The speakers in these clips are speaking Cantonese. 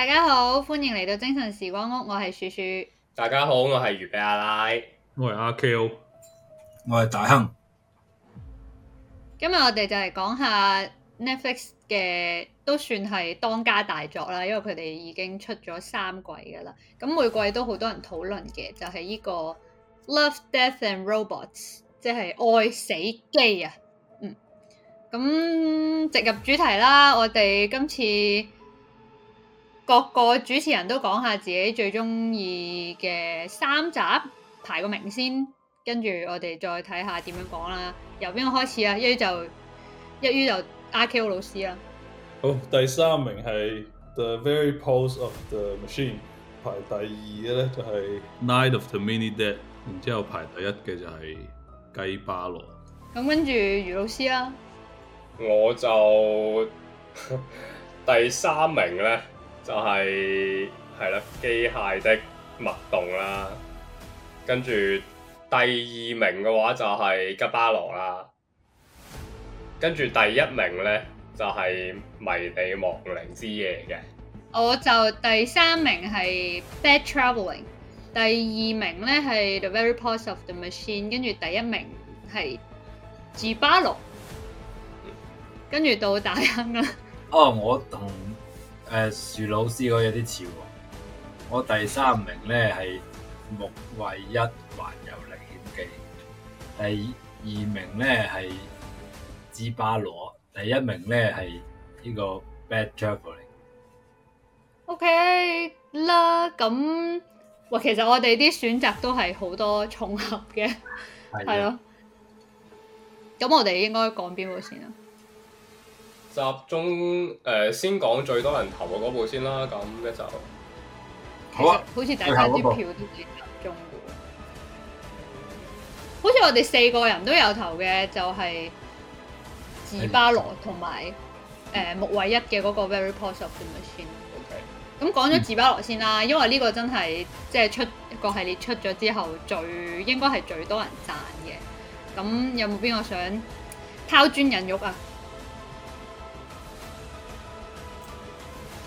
大家好，歡迎嚟到精神時光屋，我係樹樹。大家好，我係魚比阿拉，我係阿 Q，我係大亨。今日我哋就嚟講下 Netflix 嘅，都算係當家大作啦，因為佢哋已經出咗三季噶啦，咁每季都好多人討論嘅，就係、是、呢個 Love, Death and Robots，即係愛死機啊。嗯，咁直入主題啦，我哋今次，各個主持人都講下自己最中意嘅三集排個名先，跟住我哋再睇下點樣講啦。由邊個開始啊？一於就一於就 r Q 老師啦。好，第三名係 The Very Pulse of the Machine，排第二嘅咧就係、是、Night of the Mini Dead，然之後排第一嘅就係雞巴羅。咁跟住余老師啦，我就 第三名咧。就係係啦，機械的脈動啦，跟住第二名嘅話就係吉巴羅啦，跟住第一名咧就係迷你亡靈之夜嘅。我就第三名係 Bad Travelling，第二名咧係 The Very Parts of the Machine，跟住第一名係吉巴羅，跟住到大音啦。哦，我同。誒，樹老師嗰個有啲似喎。我第三名咧係《木衛一環遊歷險記》，第二名咧係《芝巴羅》，第一名咧係呢個悲悲《Bad Travelling》。OK 啦，咁、嗯、喂，其實我哋啲選擇都係好多重合嘅，係咯。咁我哋應該講邊個先啊？是的 集中誒、呃，先講最多人投嘅嗰部先啦。咁、啊、一就好好似大家啲票都集中嘅，好似我哋四個人都有投嘅，就係、是、自巴羅同埋誒木偉一嘅嗰個 Very Powerful 點樣算？OK。咁講咗自巴羅先啦，嗯、因為呢個真係即係出一個系列出咗之後，最應該係最多人讚嘅。咁有冇邊個想拋磚引玉啊？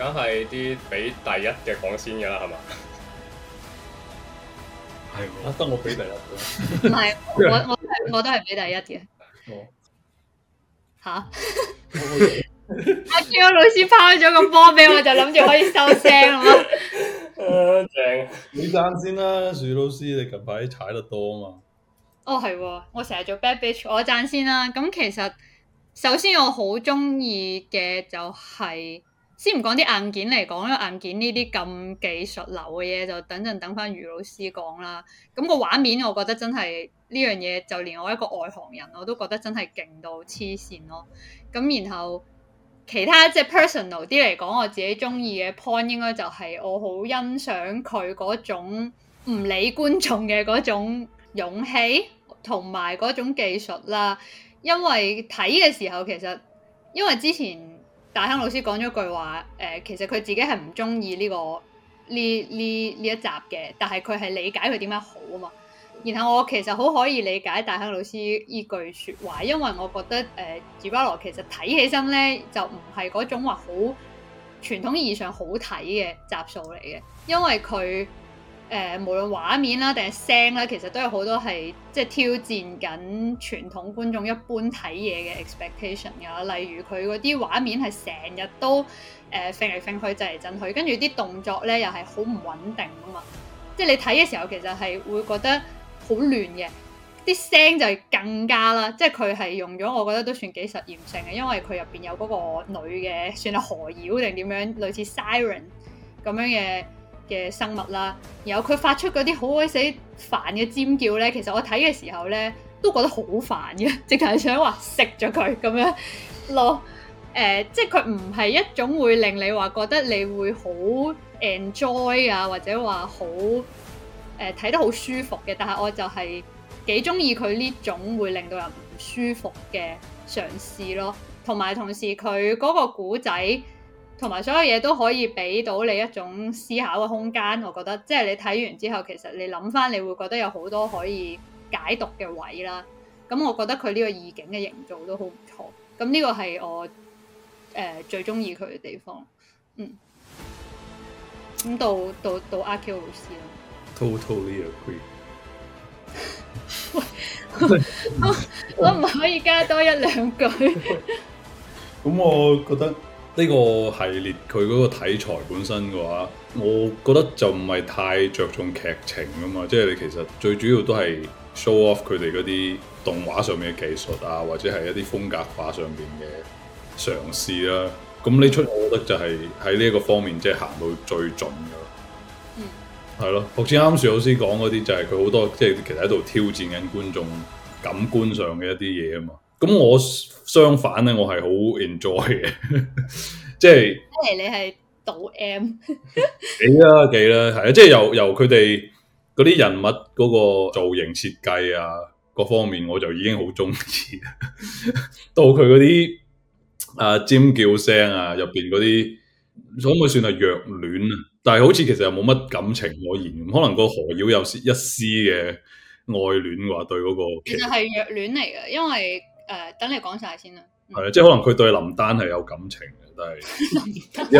梗係啲俾第一嘅講先噶啦，係嘛？係得我俾第一，唔係 我我我都係俾第一嘅。吓！我叫我老師拋咗個波俾我，就諗住可以收聲咯。誒、 啊，正 你讚先啦，鼠老師，你近排踩得多嘛？哦，係，我成日做 bad bitch，我讚先啦。咁其實首先我好中意嘅就係、是。先唔講啲硬件嚟講，因為硬件呢啲咁技術流嘅嘢就等陣等翻余老師講啦。咁個畫面，我覺得真係呢樣嘢，就連我一個外行人我都覺得真係勁到黐線咯。咁然後其他即係 personal 啲嚟講，我自己中意嘅 point 應該就係我好欣賞佢嗰種唔理觀眾嘅嗰種勇氣同埋嗰種技術啦。因為睇嘅時候其實因為之前。大亨老師講咗句話，誒、呃，其實佢自己係唔中意呢個呢呢呢一集嘅，但係佢係理解佢點樣好啊嘛。然後我其實好可以理解大亨老師呢句說話，因為我覺得誒，吉、呃、巴羅其實睇起身咧就唔係嗰種話好傳統意義上好睇嘅集數嚟嘅，因為佢。誒、呃，無論畫面啦、啊，定係聲啦、啊，其實都有好多係即係挑戰緊傳統觀眾一般睇嘢嘅 expectation 嘅。例如佢嗰啲畫面係成日都誒揈嚟揈去，震嚟震去，跟住啲動作呢又係好唔穩定啊嘛。即係你睇嘅時候，其實係會覺得好亂嘅。啲聲就係更加啦，即係佢係用咗，我覺得都算幾實驗性嘅，因為佢入邊有嗰個女嘅，算係何妖定點樣，類似 siren 咁樣嘅。嘅生物啦，然後佢發出嗰啲好鬼死煩嘅尖叫咧，其實我睇嘅時候咧都覺得好煩嘅，直頭係想話食咗佢咁樣咯。誒、呃，即係佢唔係一種會令你話覺得你會好 enjoy 啊，或者話好誒睇得好舒服嘅，但係我就係幾中意佢呢種會令到人唔舒服嘅嘗試咯。同埋同時佢嗰個古仔。同埋所有嘢都可以俾到你一種思考嘅空間，我覺得即係你睇完之後，其實你諗返，你會覺得有好多可以解讀嘅位啦。咁我覺得佢呢個意境嘅營造都好唔錯。咁呢個係我誒、呃、最鍾意佢嘅地方。嗯。咁到到到阿 Q 老師啦。Totally agree。喂，我 我唔可以加多一兩句 。咁 我覺得。呢個系列佢嗰個題材本身嘅話，我覺得就唔係太着重劇情噶嘛，即係你其實最主要都係 show off 佢哋嗰啲動畫上面嘅技術啊，或者係一啲風格化上面嘅嘗試啦。咁呢出我覺得就係喺呢一個方面，即係行到最盡噶咯。嗯，係咯，好似啱樹老師講嗰啲就係佢好多即係其實喺度挑戰緊觀眾感官上嘅一啲嘢啊嘛。咁我相反咧，我係好 enjoy 嘅，即係因為你係賭 M，幾啦幾啦，係啊！即係由由佢哋嗰啲人物嗰個造型設計啊，各方面我就已經好中意。 到佢嗰啲啊尖叫聲啊，入邊嗰啲可唔可以算係虐戀啊？但係好似其實又冇乜感情可言，可能個何妖有絲一絲嘅愛戀話對嗰個，其實係虐戀嚟嘅，因為。誒，uh, 等你講晒先啦。係、嗯、啊，即係可能佢對林丹係有感情嘅，但係，你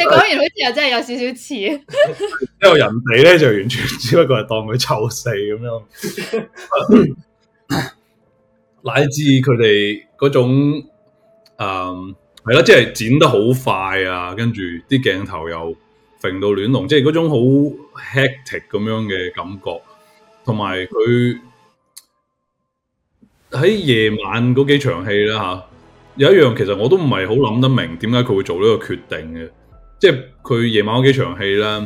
講完好似又真係有少少似。 因為人哋咧就完全只不過係當佢臭四咁樣。 乃至佢哋嗰種，誒、嗯，係啦，即、就、係、是、剪得好快啊，跟住啲鏡頭又揈到亂龍，即係嗰種好 hectic 咁樣嘅感覺，同埋佢。喺夜晚嗰幾場戲啦，吓、啊、有一樣，其實我都唔係好諗得明，點解佢會做呢個決定嘅？即係佢夜晚嗰幾場戲咧，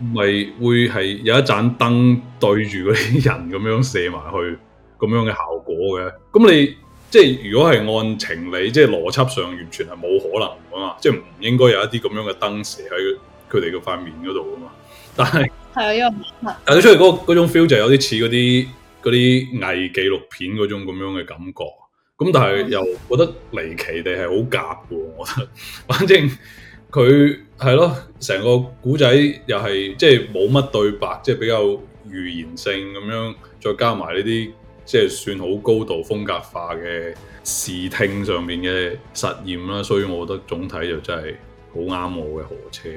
咪會係有一盞燈對住嗰啲人咁樣射埋去，咁樣嘅效果嘅。咁你即係、就是、如果係按情理，即係邏輯上完全係冇可能噶嘛，即係唔應該有一啲咁樣嘅燈射喺佢哋嘅塊面嗰度噶嘛。但係係啊，因為的但係佢出嚟嗰個種 feel 就有啲似嗰啲。嗰啲偽紀錄片嗰種咁樣嘅感覺，咁但係又覺得離奇地係好夾嘅，我覺得。反正佢係咯，成個古仔又係即係冇乜對白，即係比較預言性咁樣，再加埋呢啲即係算好高度風格化嘅視聽上面嘅實驗啦，所以我覺得總體就真係好啱我嘅火車。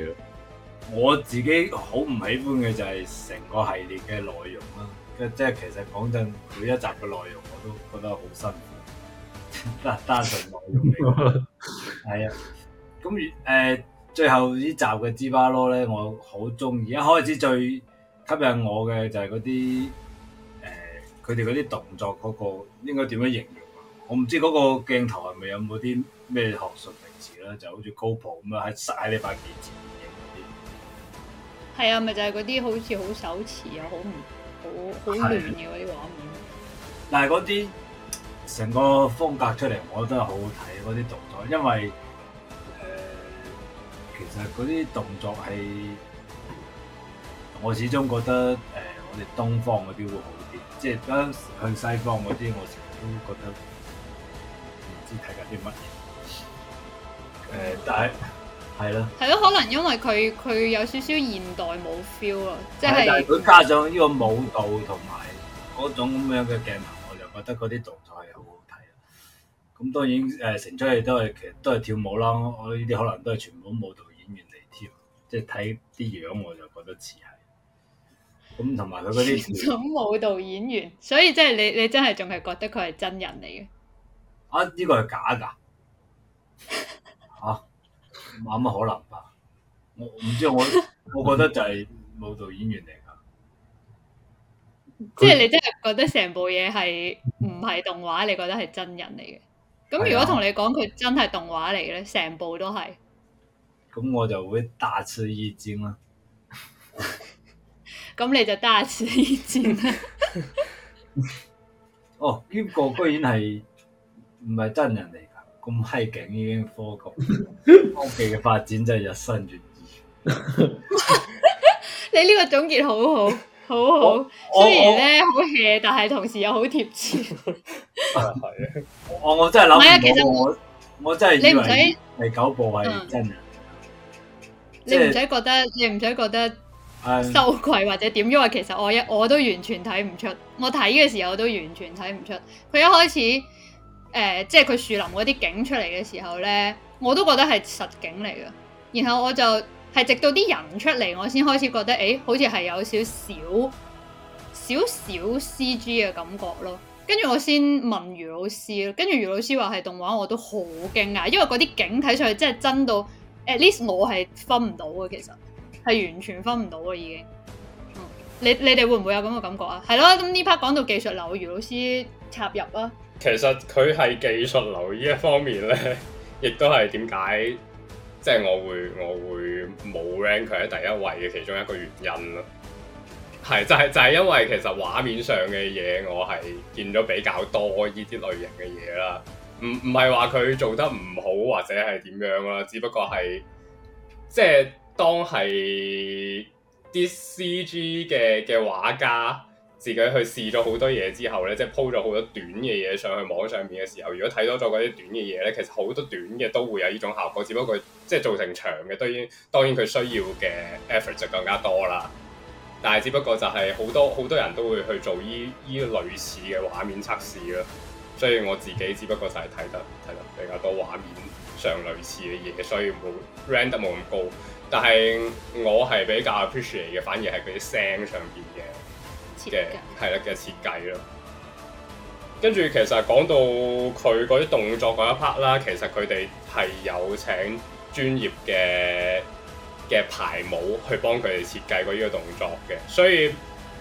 我自己好唔喜歡嘅就係成個系列嘅內容啦。即係其實講真，每一集嘅內容我都覺得好辛苦，嗱 單純內容嚟。係啊， 咁如誒，最後集呢集嘅芝巴羅咧，我好中意。一開始最吸引我嘅就係嗰啲誒，佢哋嗰啲動作嗰個，應該點樣形容啊？我唔知嗰個鏡頭係咪有冇啲咩學術名詞咧、啊，就好似 c o GoPro 咁樣喺塞喺你塊面前影嗰啲。係啊，咪就係嗰啲好似好手持又好唔～好好亂嘅嗰啲畫面，的嗯、但係嗰啲成個風格出嚟，我覺得係好好睇嗰啲動作，因為誒、呃，其實嗰啲動作係我始終覺得誒、呃，我哋東方嗰啲會好啲，即係當時去西方嗰啲，我成日都覺得唔知睇緊啲乜嘢，誒、呃，但係。 係咯，係咯，可能因為佢佢有少少現代舞 feel 咯，即係佢加上呢個舞蹈同埋嗰種咁樣嘅鏡頭，我就覺得嗰啲動作係好好睇啊！咁當然誒，成出戲都係其實都係跳舞啦，我呢啲可能都係全部舞蹈演員嚟跳，即係睇啲樣我就覺得似係。咁同埋佢嗰啲種舞蹈演員，所以即係你你真係仲係覺得佢係真人嚟嘅？啊，呢、這個係假㗎？吓、 啊？冇乜可能吧？我唔知我，我覺得就係舞蹈演員嚟噶。即係你真係覺得成部嘢係唔係動畫？ 你覺得係真人嚟嘅？咁如果同你講佢真係動畫嚟嘅咧，成 部都係。咁我就會大吃一驚啦！咁 你就大吃一驚啦！ 哦，呢、這個居然係唔係真人嚟？咁閪勁，已經科技科技嘅發展真係日新月異。你呢個總結好好，好好，雖然咧好 hea，但係同時又好貼切。係啊，我我真係諗唔到。我我真係你唔使係九部，係真人。你唔使覺得，你唔使覺得羞愧或者點，因為其實我一我都完全睇唔出，我睇嘅時候我都完全睇唔出。佢一開始。誒、呃，即係佢樹林嗰啲景出嚟嘅時候呢，我都覺得係實景嚟嘅。然後我就係直到啲人出嚟，我先開始覺得，誒，好似係有少少少少 CG 嘅感覺咯。跟住我先問余老師，跟住余老師話係動畫，我都好驚訝，因為嗰啲景睇上去真係真到，at least 我係分唔到嘅，其實係完全分唔到嘅已經。嗯、你你哋會唔會有咁嘅感覺啊？係咯，咁呢 part 講到技術流，余老師。插入啦，其實佢係技術流呢一方面咧，亦都係點解即係我會我會冇 rank 佢喺第一位嘅其中一個原因咯。係就係就係因為其實畫面上嘅嘢我係見到比較多呢啲類型嘅嘢啦。唔唔係話佢做得唔好或者係點樣啦，只不過係即係當係啲 CG 嘅嘅畫家。自己去試咗好多嘢之後咧，即係鋪咗好多短嘅嘢上去網上面嘅時候，如果睇多咗嗰啲短嘅嘢咧，其實好多短嘅都會有呢種效果，只不過即係做成長嘅當然當然佢需要嘅 effort 就更加多啦。但係只不過就係好多好多人都會去做依依類似嘅畫面測試咯。所以我自己只不過就係睇得睇得比較多畫面上類似嘅嘢，所以冇 random 冇咁高。但係我係比較 appreciate 嘅，反而係佢啲聲上邊嘅。嘅係啦嘅設計咯，跟住其實講到佢嗰啲動作嗰一 part 啦，其實佢哋係有請專業嘅嘅排舞去幫佢哋設計過呢個動作嘅，所以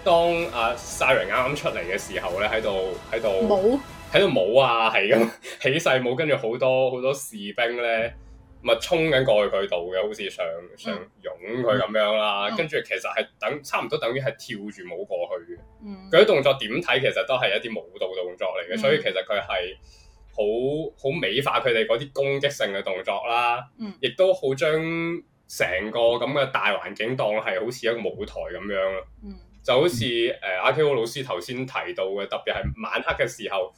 當阿 Siren 啱啱出嚟嘅時候咧，喺度喺度舞喺度舞啊，係咁 起勢舞，跟住好多好多士兵咧。咪衝緊過去佢度嘅，好似想想擁佢咁樣啦。嗯、跟住其實係等差唔多，等於係跳住舞過去嘅。佢啲、嗯、動作點睇，其實都係一啲舞蹈動作嚟嘅。嗯、所以其實佢係好好美化佢哋嗰啲攻擊性嘅動作啦。亦、嗯、都好將成個咁嘅大環境當係好似一個舞台咁樣咯。嗯嗯。就好似誒阿 Ko 老師頭先提到嘅，特別係晚黑嘅時候，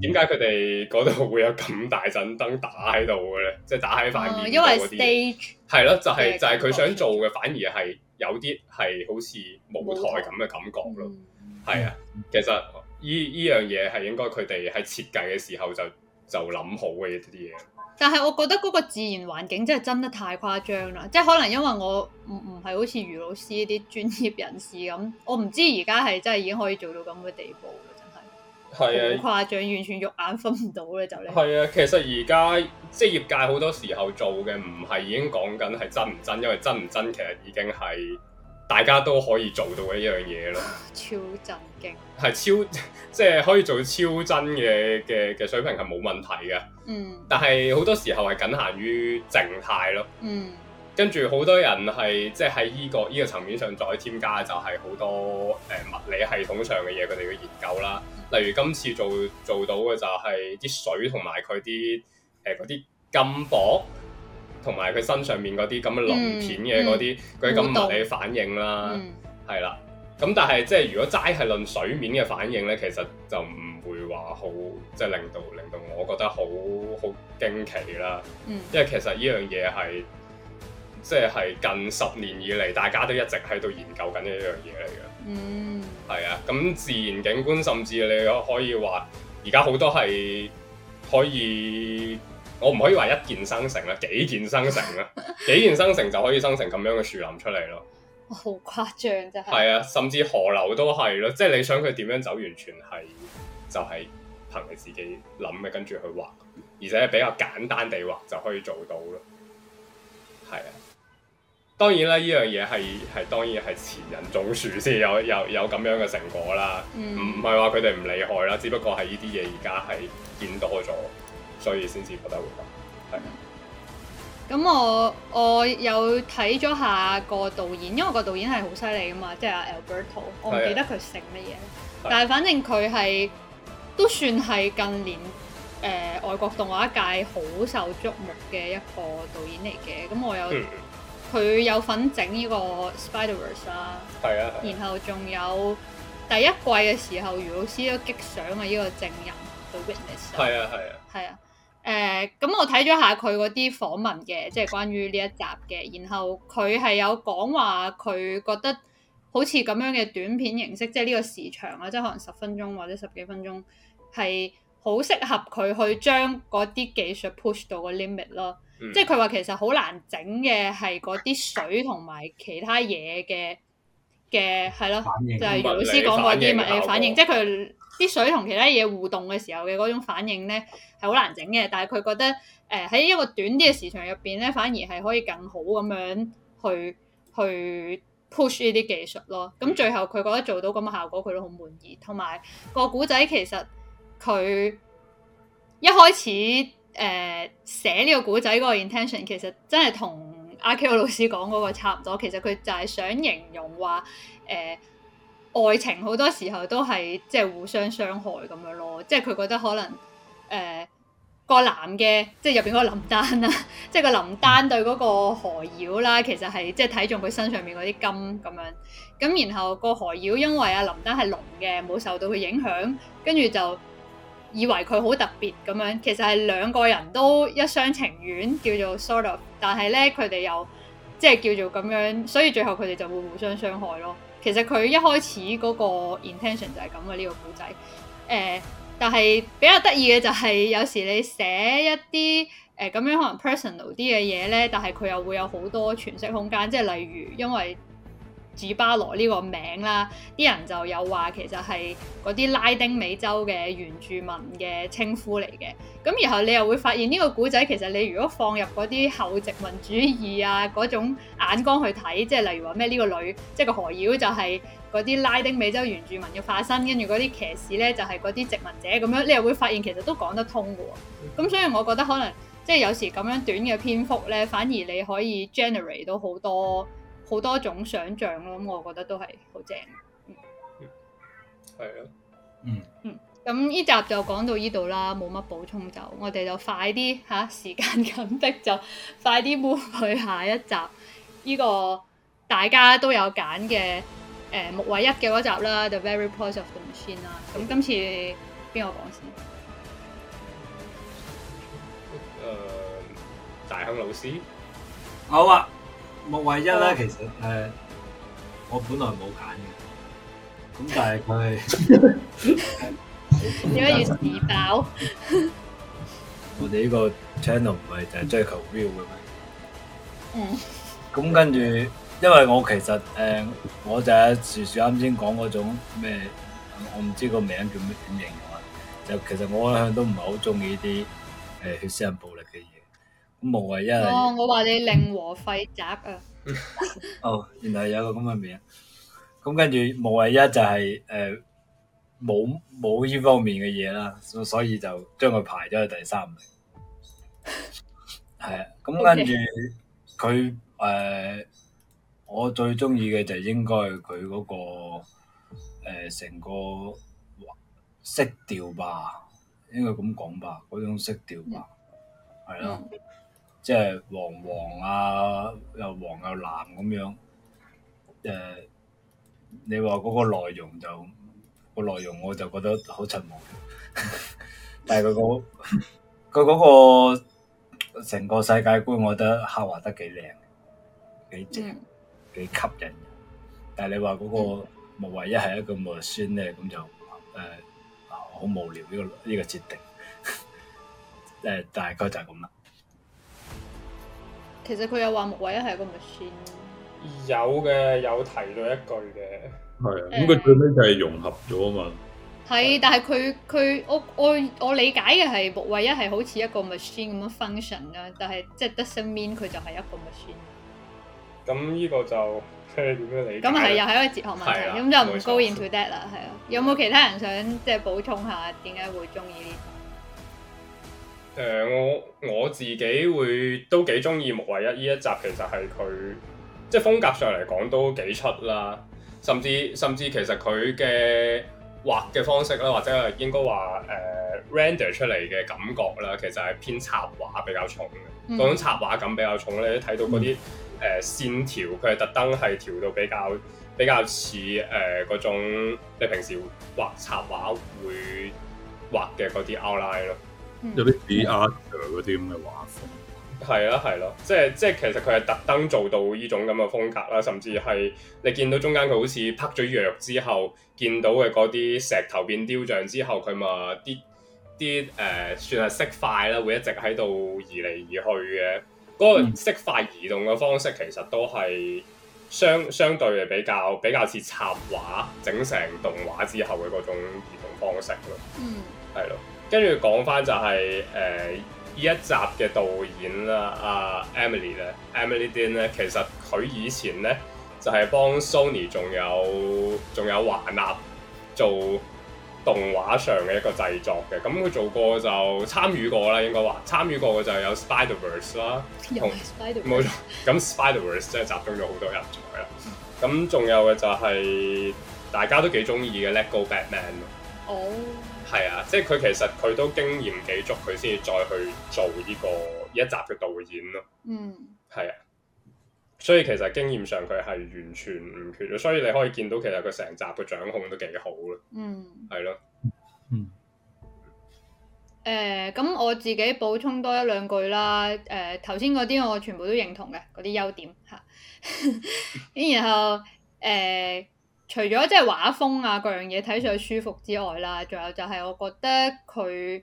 點解佢哋嗰度會有咁大陣燈打喺度嘅咧？即係打喺塊面嗰啲，係咯，就係就係佢想做嘅，反而係有啲係好似舞台咁嘅感覺咯。係啊，舞台，其實依依樣嘢係應該佢哋喺設計嘅時候就就諗好嘅一啲嘢。但係我覺得嗰個自然環境真係真得太誇張啦！即係可能因為我唔唔係好似余老師啲專業人士咁，我唔知而家係真係已經可以做到咁嘅地步啦，真係係啊，好誇張，完全肉眼分唔到啦就係啊！其實而家即係業界好多時候做嘅唔係已經講緊係真唔真，因為真唔真其實已經係大家都可以做到嘅一樣嘢咯。超震驚，係超即係可以做超真嘅嘅嘅水平係冇問題嘅。但係好多時候係僅限於靜態咯。跟住好多人係即係喺呢個呢、呢個層面上再添加就係好多誒、呃、物理系統上嘅嘢，佢哋嘅研究啦。嗯、例如今次做做到嘅就係啲水同埋佢啲誒啲金箔，同埋佢身上面嗰啲咁嘅鱗片嘅嗰啲嗰啲咁物理反應啦，係、嗯、啦。咁但係即係如果齋係論水面嘅反應呢，其實就唔會話好即係令到令到我覺得好好驚奇啦。嗯，因為其實呢樣嘢係即係近十年以嚟，大家都一直喺度研究緊呢一樣嘢嚟嘅。嗯，係啊。咁自然景觀，甚至你可以話，而家好多係可以，我唔可以話一件生成啦，幾件生成啦， 幾件生成就可以生成咁樣嘅樹林出嚟咯。好誇張真係，係啊，甚至河流都係咯，即係你想佢點樣走，完全係就係、是、憑你自己諗嘅，跟住去畫，而且比較簡單地畫就可以做到咯。係啊，當然啦，呢樣嘢係係當然係前人種樹先有有有咁樣嘅成果啦。唔係話佢哋唔厲害啦，只不過係呢啲嘢而家係見多咗，所以先至覺得會。咁我我有睇咗下個導演，因為個導演係好犀利㗎嘛，即係 Alberto，我唔記得佢姓乜嘢，的但係反正佢係都算係近年誒、呃、外國動畫界好受矚目嘅一個導演嚟嘅。咁我有佢、嗯、有份整呢個 Spiderverse 啊，verse，然後仲有第一季嘅時候，余老師都激賞啊，呢個證人 The Witness，係啊係啊，係啊。的誒，咁、呃嗯、我睇咗下佢嗰啲訪問嘅，即係關於呢一集嘅，然後佢係有講話佢覺得好似咁樣嘅短片形式，即係呢個時長啊，即係可能十分鐘或者十幾分鐘，係好適合佢去將嗰啲技術 push 到個 limit 咯。即係佢話其實好難整嘅係嗰啲水同埋其他嘢嘅嘅係咯，就係余老師講嗰啲物理反應，即係佢。啲水同其他嘢互動嘅時候嘅嗰種反應咧，係好難整嘅。但係佢覺得，誒、呃、喺一個短啲嘅時長入邊咧，反而係可以更好咁樣去去 push 呢啲技術咯。咁最後佢覺得做到咁嘅效果，佢都好滿意。同埋個古仔，其實佢一開始誒寫呢個古仔嗰個 intention 其實真係同阿 Ko 老師講嗰個差唔多。其實佢就係想形容話誒。呃愛情好多時候都係即係互相傷害咁樣咯，即係佢覺得可能誒、呃、個男嘅即係入邊嗰個林丹啦， 即係個林丹對嗰個何妖啦，其實係即係睇中佢身上面嗰啲金咁樣。咁然後個何妖因為阿林丹係龍嘅，冇受到佢影響，跟住就以為佢好特別咁樣。其實係兩個人都一廂情願叫做 sort of，但係咧佢哋又即係叫做咁樣，所以最後佢哋就會互相傷害咯。其實佢一開始嗰個 intention 就係咁嘅呢個故仔，誒、呃，但係比較得意嘅就係、是、有時你寫一啲誒咁樣可能 personal 啲嘅嘢呢，但係佢又會有好多詮釋空間，即係例如因為。吉巴羅呢個名啦，啲人就有話其實係嗰啲拉丁美洲嘅原住民嘅稱呼嚟嘅。咁然後你又會發現呢個古仔其實你如果放入嗰啲後殖民主義啊嗰種眼光去睇，即係例如話咩呢個女即係個何妖，就係嗰啲拉丁美洲原住民嘅化身，跟住嗰啲騎士咧就係嗰啲殖民者咁樣，你又會發現其實都講得通嘅喎。咁所以我覺得可能即係有時咁樣短嘅篇幅咧，反而你可以 generate 到好多。好多種想像咯，咁我覺得都係好正。嗯，係啊，嗯，嗯，咁呢集就講到呢度啦，冇乜補充就，我哋就快啲嚇，時間緊迫就快啲搬去下一集呢，呢個大家都有揀嘅誒木偉一嘅嗰集啦，《The Very Pulse of the Machine》啦。咁今次邊個講先？Uh, 大亨老師，好啊。木衛一咧，其實誒、呃，我本來冇揀嘅，咁但係佢，點解要自爆？ 我哋呢個 channel 唔係就係追求 view 嘅咩？嗯。咁跟住，因為我其實誒、呃，我就係似似啱先講嗰種咩，我唔知個名叫咩點形容啊。就其實我一向都唔係好中意啲誒血腥暴無為一哦，我話你令和廢宅啊。 哦，原來有個咁嘅名。咁跟住無為一就係誒冇冇呢方面嘅嘢啦，所以就將佢排咗去第三名。係啊， 咁跟住佢誒，我最中意嘅就應該係佢嗰個誒成、呃、個色調吧，應該咁講吧，嗰種色調吧係咯。即係黃黃啊，又黃又藍咁樣，誒、呃，你話嗰個內容就個內容，我就覺得好沉悶， 但係佢嗰佢個成 個，個世界觀，我覺得刻畫得幾靚，幾正，幾、mm. 吸引人。但係你話嗰個莫懷一係一個莫酸咧，咁就誒好、呃、無聊呢、這個呢、這個設定。誒、 呃，大概就係咁啦。其實佢又話木衛一係個 machine，有嘅有提到一句嘅，係咁佢最尾就係融合咗啊嘛。係，但係佢佢我我我理解嘅係木衛一係好似一個 machine 咁樣 function 啦，但係即係 doesn't mean 佢就係、是、一個 machine。咁呢個就即係點樣理解？咁係又係一個哲學問題，咁的就唔 go into that 啦，係啊。有冇其他人想即係補充下點解會中意？呢個誒、呃、我我自己會都幾中意木為一依一集，其實係佢即係風格上嚟講都幾出啦，甚至甚至其實佢嘅畫嘅方式啦，或者係應該話誒、呃、render 出嚟嘅感覺啦，其實係偏插畫比較重嘅，嗰、嗯、種插畫感比較重咧，你睇到嗰啲誒線條，佢係特登係調到比較比較似誒嗰種你平時畫插畫會畫嘅嗰啲 outline 咯。有啲 B R 嗰啲咁嘅畫風，係啦，係咯，即係即係，其實佢係特登做到呢種咁嘅風格啦，甚至係你見到中間佢好似拍咗藥之後，見到嘅嗰啲石頭變雕像之後，佢嘛啲啲誒算係色塊啦，會一直喺度移嚟移去嘅。嗰個色塊移動嘅方式其實都係相相對係比較比較似插畫整成動畫之後嘅嗰種移動方式咯。嗯，係咯。跟住講返就係誒呢一集嘅導演啦，阿、啊、Emily 咧，Emily Dean 咧，其實佢以前咧就係、是、幫 Sony 仲有仲有華納做動畫上嘅一個製作嘅，咁佢做過就參與過啦，應該話參與過嘅就有 Spiderverse 啦，冇錯，咁和 Spiderverse 真係集中咗好多人才啦，咁仲、嗯、有嘅就係、是、大家都幾中意嘅 Lego Batman 哦。Oh. 係啊，即係佢其實佢都經驗幾足，佢先至再去做呢個一集嘅導演咯。嗯，係啊，所以其實經驗上佢係完全唔缺，所以你可以見到其實佢成集嘅掌控都幾好咯，嗯的嗯。嗯，係咯、欸，嗯。誒，咁我自己補充多一兩句啦。誒、欸，頭先嗰啲我全部都認同嘅嗰啲優點吓， 然後誒。欸除咗即係畫風啊，各樣嘢睇上去舒服之外啦，仲有就係我覺得佢，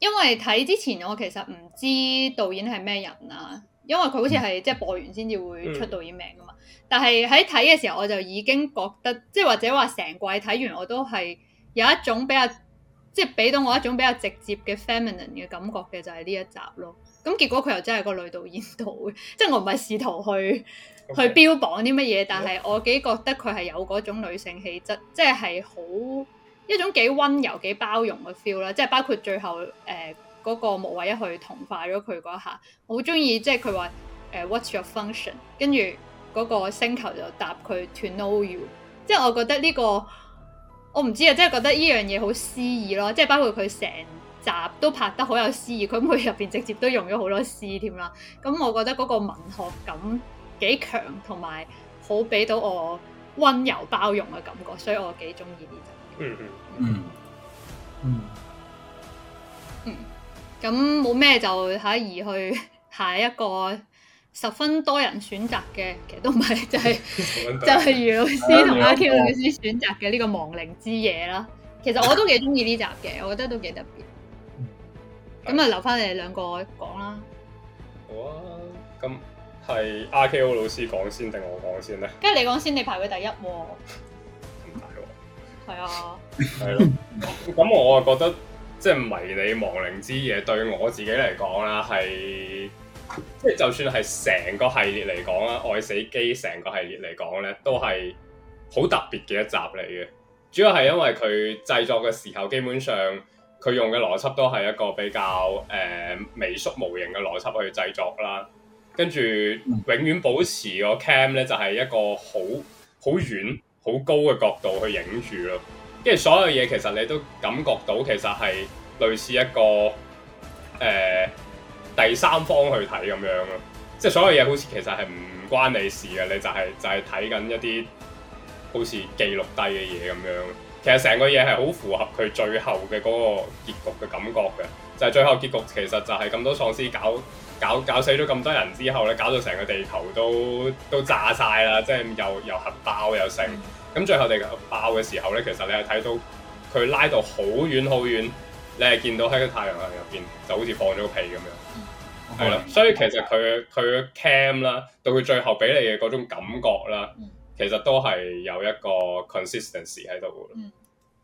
因為睇之前我其實唔知導演係咩人啊，因為佢好似係即係播完先至會出導演名㗎嘛。但係喺睇嘅時候我就已經覺得，即係或者話成季睇完我都係有一種比較。即係俾到我一種比較直接嘅 feminine 嘅感覺嘅就係、是、呢一集咯。咁、嗯、結果佢又真係個女導演導嘅，即係我唔係試圖去 Okay. 去標榜啲乜嘢，但係我幾覺得佢係有嗰種女性氣質，即係係好一種幾温柔、幾包容嘅 feel 啦。即係包括最後誒嗰、呃那個木衛一去同化咗佢嗰一下，我好中意即係佢話誒 What's your function？跟住嗰個星球就答佢 To know you。即係我覺得呢、這個。我唔知啊，即係覺得呢樣嘢好詩意咯，即係包括佢成集都拍得好有詩意，佢唔每入邊直接都用咗好多詩添啦。咁我覺得嗰個文學感幾強，同埋好俾到我溫柔包容嘅感覺，所以我幾中意呢集。嗯嗯嗯，咁冇咩就可以去下一個。十分多人選擇嘅，其實都唔係，就係、就係、 就係余老師同阿 K O 老師選擇嘅呢個亡靈之夜啦。其實我都幾中意呢集嘅， 我覺得都幾特別。咁啊，留翻你哋兩個講啦。好啊，咁係阿 K O 老師講先定我講先咧？跟住你講先，你排佢第一喎。唔大喎。係啊。係咯。 咁我啊覺得即係、就係、迷你亡靈之夜對我自己嚟講啦係。即係就算係成個系列嚟講啦，《愛死機》成個系列嚟講咧，都係好特別嘅一集嚟嘅。主要係因為佢製作嘅時候，基本上佢用嘅邏輯都係一個比較誒、呃、微縮模型嘅邏輯去製作啦。跟住永遠保持個 cam 咧，就係一個好好遠、好高嘅角度去影住咯。跟住所有嘢，其實你都感覺到，其實係類似一個誒。呃第三方去睇咁樣咯，即係所有嘢好似其實係唔關你事嘅，你就係、是、就係睇緊一啲好似記錄低嘅嘢咁樣。其實成個嘢係好符合佢最後嘅嗰個結局嘅感覺嘅，就係、是、最後結局其實就係咁多喪屍搞搞搞死咗咁多人之後咧，搞到成個地球都都炸晒啦，即係又又核爆又成。咁最後地核爆嘅時候咧，其實你係睇到佢拉到好遠好遠。你係見到喺個太陽系入邊就好似放咗個屁咁樣，係啦。所以其實佢佢 cam 啦，到佢最後俾你嘅嗰種感覺啦，嗯、其實都係有一個 consistency 喺度嘅，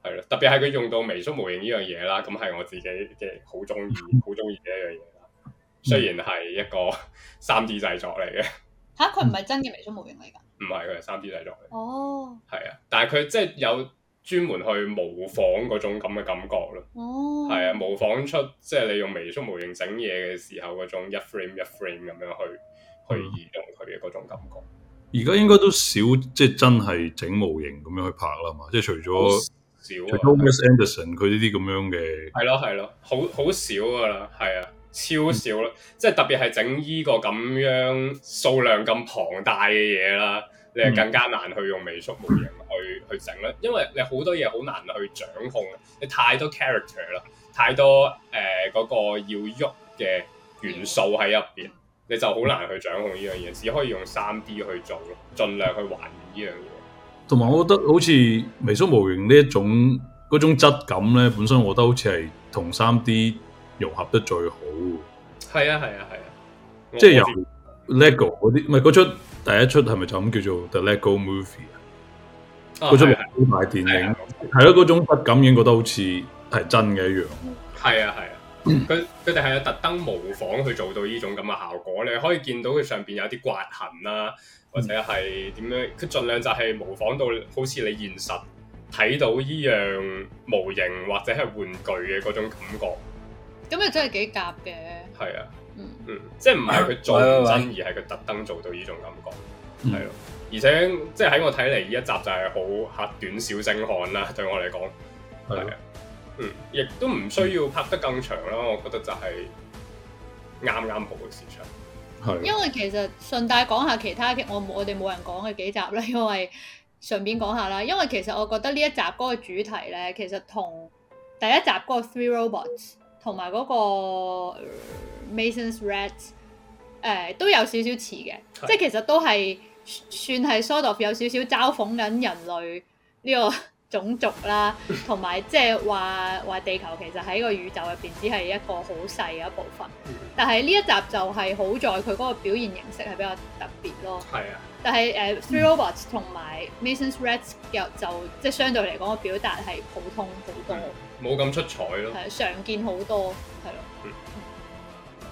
係咯、嗯。特別係佢用到微縮模型呢樣嘢啦，咁係我自己嘅好中意、好中意嘅一樣嘢啦。雖然係一個三 D 製作嚟嘅，吓佢唔係真嘅微縮模型嚟㗎，唔係佢係三 D 製作嚟。哦，係啊，但係佢即係有。專門去模仿嗰種咁嘅感覺咯，係、oh. 啊，模仿出即係你用微縮模型整嘢嘅時候嗰種一 frame 一 frame 咁樣去、嗯、去移動佢嘅嗰種感覺。而家應該都少即係真係整模型咁樣去拍啦嘛，即係除咗少，Thomas、啊、除了 Anderson 佢呢啲咁樣嘅係咯係咯，好好少噶啦，係啊，超少咯，嗯、即係特別係整依個咁樣數量咁龐大嘅嘢啦。你係更加難去用微縮模型去去整咧，因為你好多嘢好難去掌控啊！你太多 character 啦，太多誒嗰個要喐嘅元素喺入邊，你就好難去掌控呢樣嘢，只可以用三 D 去做，盡量去還原呢樣嘢。同埋我覺得好似微縮模型呢一種嗰種質感咧，本身我覺得好似係同三 D 融合得最好。係啊，係啊，係啊，即係由 LEGO 嗰啲，唔係嗰出。第一出係咪就咁叫做 The Lego Movie 啊？嗰出唔係電影，係咯，嗰種不感應覺得好似係真嘅一樣。係啊，係啊，佢佢哋係有特登模仿去做到呢種咁嘅效果，你可以見到佢上邊有啲刮痕啦，或者係點樣，佢盡量就係模仿到好似你現實睇到依樣模型或者係玩具嘅嗰種感覺。咁又真係幾夾嘅。係啊。嗯，即係唔係佢做真，喂喂而係佢特登做到呢種感覺，係咯、嗯。而且即係喺我睇嚟呢一集就係好客短小精悍啦，對我嚟講係亦都唔需要拍得更長啦，嗯、我覺得就係啱啱好嘅時長。係的，因為其實順帶講下其他劇，我我哋冇人講嘅幾集咧，因為順便講下啦。因為其實我覺得呢一集嗰個主題呢，其實同第一集嗰、嗰個 Three Robots。同埋嗰個 Mason's Rats，誒、呃、都有少少似嘅，的即係其實都係算係 sort of 有少少嘲諷緊人類呢個種族啦，同埋即係話話地球其實喺個宇宙入邊只係一個好細嘅一部分。但係呢一集就係好在佢嗰個表現形式係比較特別咯。係啊的，但係誒、uh，Three Robots 同埋、嗯、Mason's Rats 又就，就即係相對嚟講，個表達係普通好多。冇咁出彩咯，係常見好多，係咯。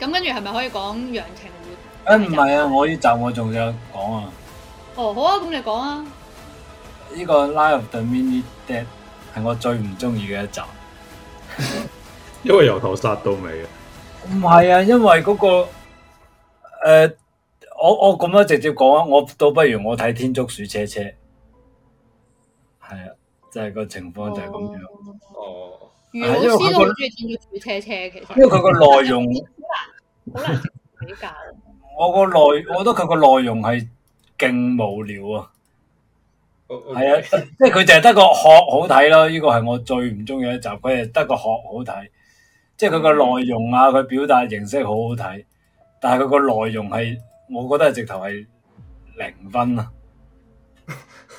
咁跟住係咪可以講楊情月？誒、啊，唔係啊，我呢集我仲有講啊。哦，好啊，咁你講啊。呢個《Night of the Mini Dead》係我最唔中意嘅一集， 因為由頭殺到尾啊。唔係 啊，因為嗰、那個誒、呃，我我咁樣直接講、啊，我倒不如我睇天竺鼠車車，係啊。就係個情況就係咁樣哦。哦。余老師我唔中意聽佢小車車，其實。因為佢個內容好難、啊，這個、好難比較。我個內，、啊內，我覺得佢個內容係勁無聊啊。係啊，即係佢淨係得個殼好睇咯。呢個係我最唔中意一集，佢係得個殼好睇，即係佢個內容啊，佢表達形式好好睇，但係佢個內容係，我覺得係直頭係零分啊。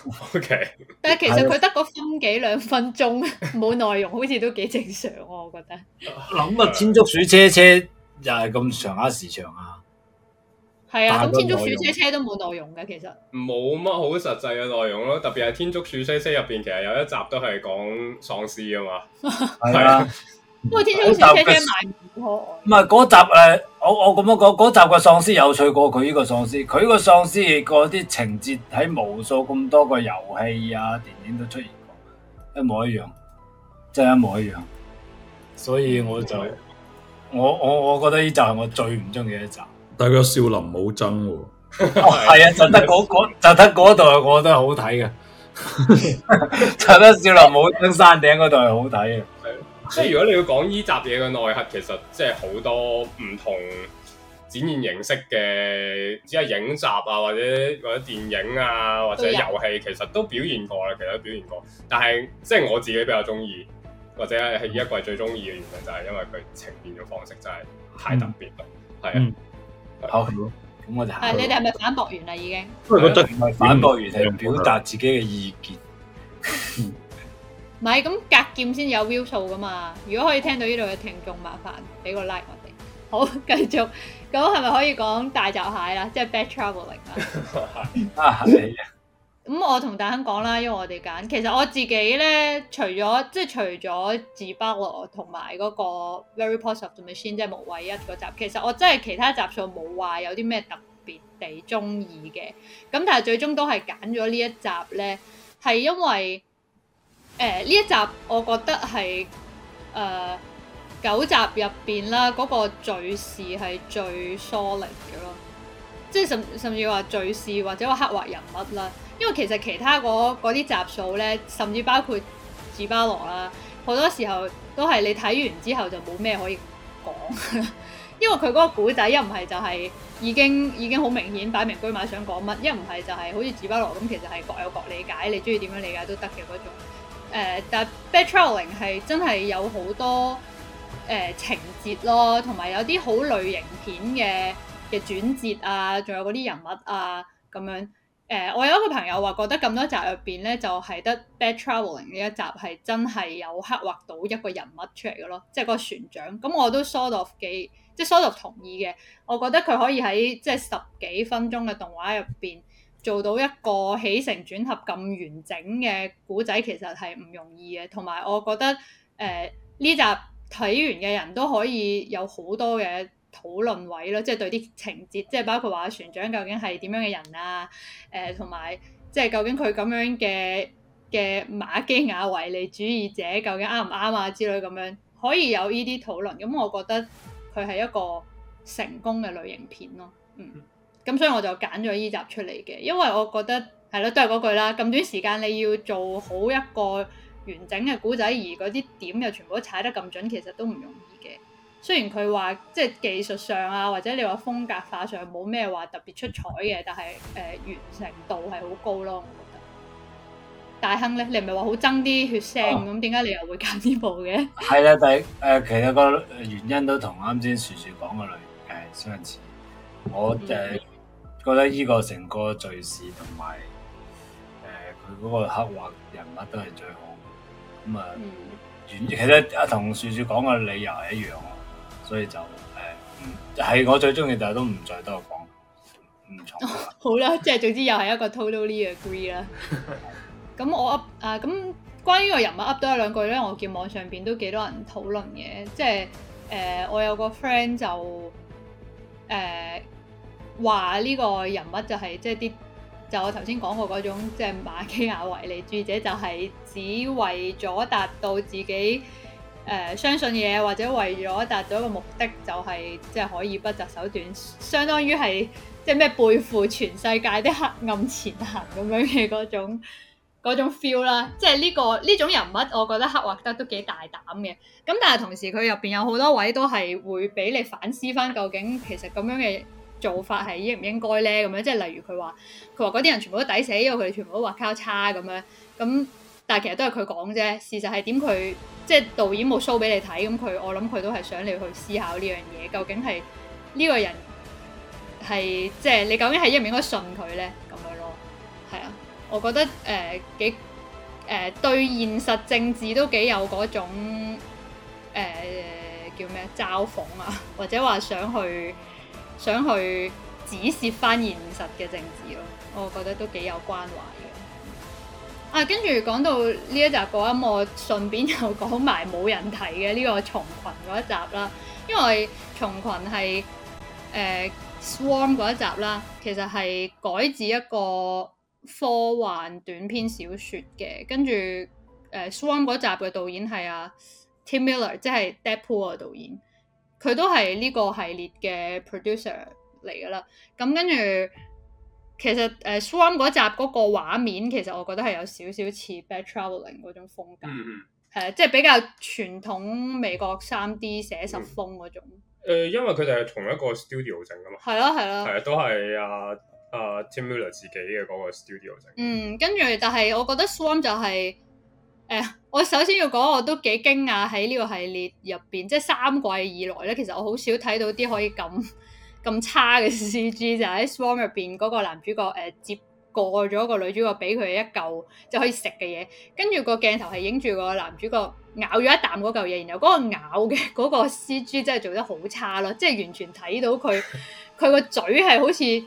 O Okay . K，但係其實佢得個分幾兩分鐘，冇 內容，好似都幾正常我覺得，諗下 天竺鼠車車又係咁上下、啊、時長啊？係啊，咁天竺鼠車車都冇內容嘅，其實冇乜好實際嘅內容咯。特別係天竺鼠車車入邊，其實有一集都係講喪屍㗎嘛，係啦、 啊。 好 集《僵屍滿地》可愛，唔係嗰集誒，我我咁樣講，嗰集嘅喪屍有趣過佢呢個喪屍，佢個喪屍嗰啲情節喺無數咁多個遊戲啊、電影都出現過，一模一樣，真係一模一樣。所以我就以我我我覺得呢集係我最唔中意嘅一集。但係個少林武僧喎、啊，係、 哦、啊，就得嗰、嗰個、 就得嗰度係我覺得好睇嘅，嗯、 就得少林武僧山頂嗰度係好睇嘅。即係如果你要講依集嘢嘅內核，其實即係好多唔同展現形式嘅，只係影集啊，或者或者電影啊，或者遊戲，其實都表現過啦，其實都表現過。但係即係我自己比較中意，或者係依一季最中意嘅原因就係、是、因為佢呈現嘅方式真係太特別啦。係啊，咁我就係你哋係咪反駁完啦已經？因為我真係反駁完係、嗯、表達自己嘅意見。 唔係，咁隔、嗯、劍先有 view 數噶嘛？如果可以聽到呢度嘅聽眾，麻煩俾個 like 我哋。好，繼續，咁係咪可以講大閘蟹啦？即係 bad travelling 啦。啊，係啊、 嗯。咁我同大亨講啦，因為我哋揀，其實我自己咧，除咗即係除咗《紙包羅》同埋嗰個《Very Positive Machine》，即係無畏一嗰集，其實我真係其他集數冇話有啲咩特別地中意嘅。咁但係最終都係揀咗呢一集咧，係因為。誒呢、欸、一集我覺得係誒、呃、九集入邊啦，嗰、那個敘事係最疏離嘅咯，即係甚甚至話敘事或者話刻畫人物啦。因為其實其他嗰啲集數咧，甚至包括《紫巴羅》啦，好多時候都係你睇完之後就冇咩可以講， 因為佢嗰個故仔一唔係就係已經已經好明顯擺明居馬想講乜，一唔係就係好似《紫巴羅》咁，其實係各有各理解，你中意點樣理解都得嘅嗰種。誒、呃，但《Bad Travelling》係真係有好多誒、呃、情節咯，同埋有啲好類型片嘅嘅轉折啊，仲有嗰啲人物啊咁樣。誒、呃，我有一個朋友話覺得咁多集入邊咧，就係、是、得《Bad Travelling》呢一集係真係有刻畫到一個人物出嚟嘅咯，即係個船長。咁、嗯、我都 sort of 幾，即係 sort of 同意嘅。我覺得佢可以喺即係十幾分鐘嘅動畫入邊。做到一個起承轉合咁完整嘅古仔，其實係唔容易嘅。同埋我覺得，誒、呃、呢集睇完嘅人都可以有好多嘅討論位咯，即係對啲情節，即係包括話船長究竟係點樣嘅人啊，誒同埋即係究竟佢咁樣嘅嘅馬基亞維利主義者究竟啱唔啱啊之類咁樣，可以有呢啲討論。咁、嗯、我覺得佢係一個成功嘅類型片咯，嗯。咁所以我就揀咗依集出嚟嘅，因為我覺得係咯，都係嗰句啦。咁短時間你要做好一個完整嘅古仔，而嗰啲點又全部都踩得咁準，其實都唔容易嘅。雖然佢話即係技術上啊，或者你話風格化上冇咩話特別出彩嘅，但係誒、呃、完成度係好高咯。我覺得大亨咧，你唔係話好憎啲血腥咁，點解、啊、你又會揀呢部嘅？係啦，第誒、呃、其實個原因都同啱先樹樹講嘅類誒相似，我就係，嗯覺得呢個成個敘事同埋誒，佢嗰、呃、個刻畫人物都係最好咁啊。嗯嗯、其實啊，同樹樹講嘅理由係一樣咯，所以就誒，係、嗯、我最中意，但係都唔再多講。唔錯。 好啦，即係總之又係一個 totally agree 啦。咁 我 up 啊，咁關於個人物 up 咗兩句咧，我見網上邊都幾多人討論嘅，即係誒、呃，我有個 friend 就誒。呃話呢、這個人物就係即係啲就我頭先講過嗰種即係、就是、馬基亞維利主義者，就係、是、只為咗達到自己誒、呃、相信嘢，或者為咗達到一個目的，就係即係可以不擇手段，相當於係即係咩背負全世界的黑暗前行咁樣嘅嗰種嗰種 feel 啦。即係呢、這個呢種人物，我覺得刻畫得都幾大膽嘅。咁但係同時佢入邊有好多位都係會俾你反思翻，究竟其實咁樣嘅做法係應唔應該咧？咁樣即係例如佢話，佢話嗰啲人全部都抵死，因為佢哋全部都話交叉咁樣。咁但係其實都係佢講啫。事實係點？佢即係導演冇 show 俾你睇。咁佢我諗佢都係想你去思考呢樣嘢，究竟係呢個人係即係你究竟係應唔應該信佢咧？咁樣咯，係啊，我覺得誒幾誒對現實政治都幾有嗰種、呃、叫咩嘲諷啊，或者話想去。想去指涉翻現實嘅政治咯，我覺得都幾有關懷嘅。啊，跟住講到呢一集嗰一幕、嗯，我順便又講埋冇人睇嘅呢個蟲群嗰一集啦。因為蟲群係誒、呃、Swarm 嗰一集啦，其實係改自一個科幻短篇小説嘅。跟住誒、呃、Swarm 嗰集嘅導演係阿 Tim Miller，即係 Deadpool 嘅導演。佢都係呢個系列嘅 producer 嚟㗎啦，咁跟住其實誒、呃、Swarm 嗰集嗰個畫面，其實我覺得係有少少似 Bad Travelling 嗰種風格，係、嗯呃、即係比較傳統美國三 D 寫實風嗰種、嗯呃。因為佢哋係同一個 studio 整㗎嘛。係咯係咯，係啊，啊，都係阿阿 Tim Miller 自己嘅嗰個 studio 整。嗯，跟住但係我覺得 Swarm 就係、係。Uh, 我首先要講，我都幾驚訝喺呢個系列入邊，即係三季以來咧，其實我好少睇到啲可以咁咁差嘅 CG，就喺 Swarm 入邊嗰個男主角誒、uh, 接過咗個女主角俾佢一嚿就可以食嘅嘢，跟住個鏡頭係影住個男主角咬咗一啖嗰嚿嘢，然後嗰個咬嘅嗰個 CG 真係做得好差咯，即係完全睇到佢佢個嘴係好似，即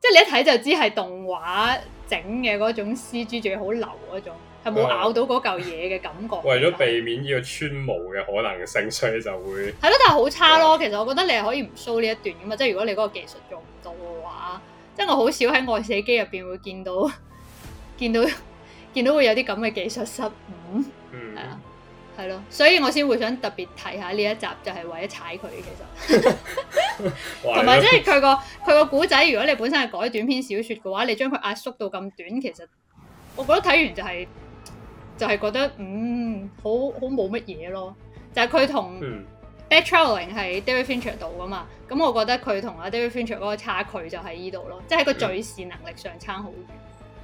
係你一睇就知係動畫整嘅嗰種 CG，仲要好流嗰種。係冇咬到嗰嚿嘢嘅感覺？為咗避免呢個穿模嘅可能性，所以就會係咯，但係好差咯。 其實我覺得你係可以唔 show 呢一段噶嘛，即係如果你嗰個技術做唔到嘅話，即係我好少喺愛死機入邊會見到見到見到，見到會有啲咁嘅技術失誤，係啊、嗯，係咯，所以我先會想特別提下呢一集，就係、是、為咗踩佢。其實同埋即係佢個佢個故仔，如果你本身係改短篇小説嘅話，你將佢壓縮到咁短，其實我覺得睇完就係、是。就係覺得嗯好好冇乜嘢咯，就係佢同 Bad Traveling 喺 David Fincher 度㗎嘛，咁我覺得佢同阿 David Fincher 嗰個差距就喺呢度咯，即係個敘事能力上差好遠。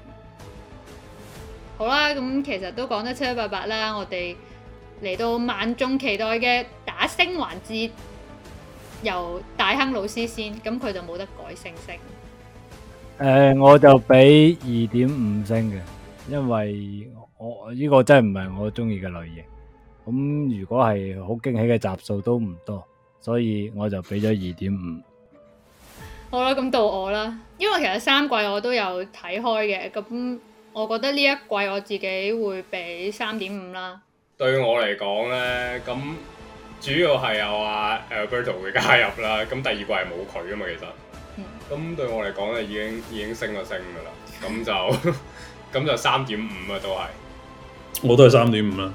嗯、好啦，咁其實都講得七七八八啦，我哋嚟到萬眾期待嘅打星環節，由大亨老師先，咁佢就冇得改星星。誒、呃，我就俾二點五星嘅，因為。我呢個真係唔係我中意嘅類型，咁如果係好驚喜嘅集數都唔多，所以我就俾咗二點五。好啦，咁到我啦，因為其實三季我都有睇開嘅，咁我覺得呢一季我自己會俾三點五啦。對我嚟講呢，咁主要係有阿 Alberto 嘅加入啦，咁第二季係冇佢啊嘛，其實，咁對我嚟講咧，已經已經升咗升噶啦，咁就咁就三點五啊，都係。我都係三點五啦。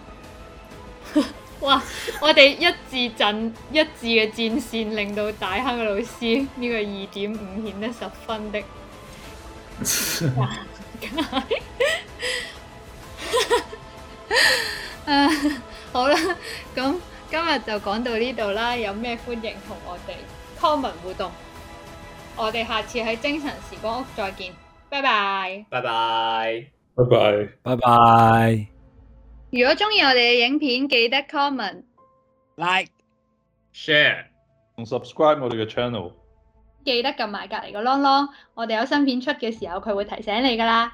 哇！我哋一致陣一致嘅戰線，令到大坑嘅老師呢個二點五顯得十分的難解。啊，好啦，咁今日就講到呢度啦。有咩歡迎同我哋 comment 互動。我哋下次喺精神時光屋再見，拜拜，拜拜，拜拜，拜拜。如果鍾意我哋嘅影片，記得 comment、like、share 同 subscribe 我哋嘅 channel。記得撳埋隔離個啷啷，我哋有新片出嘅時候，佢會提醒你㗎喇。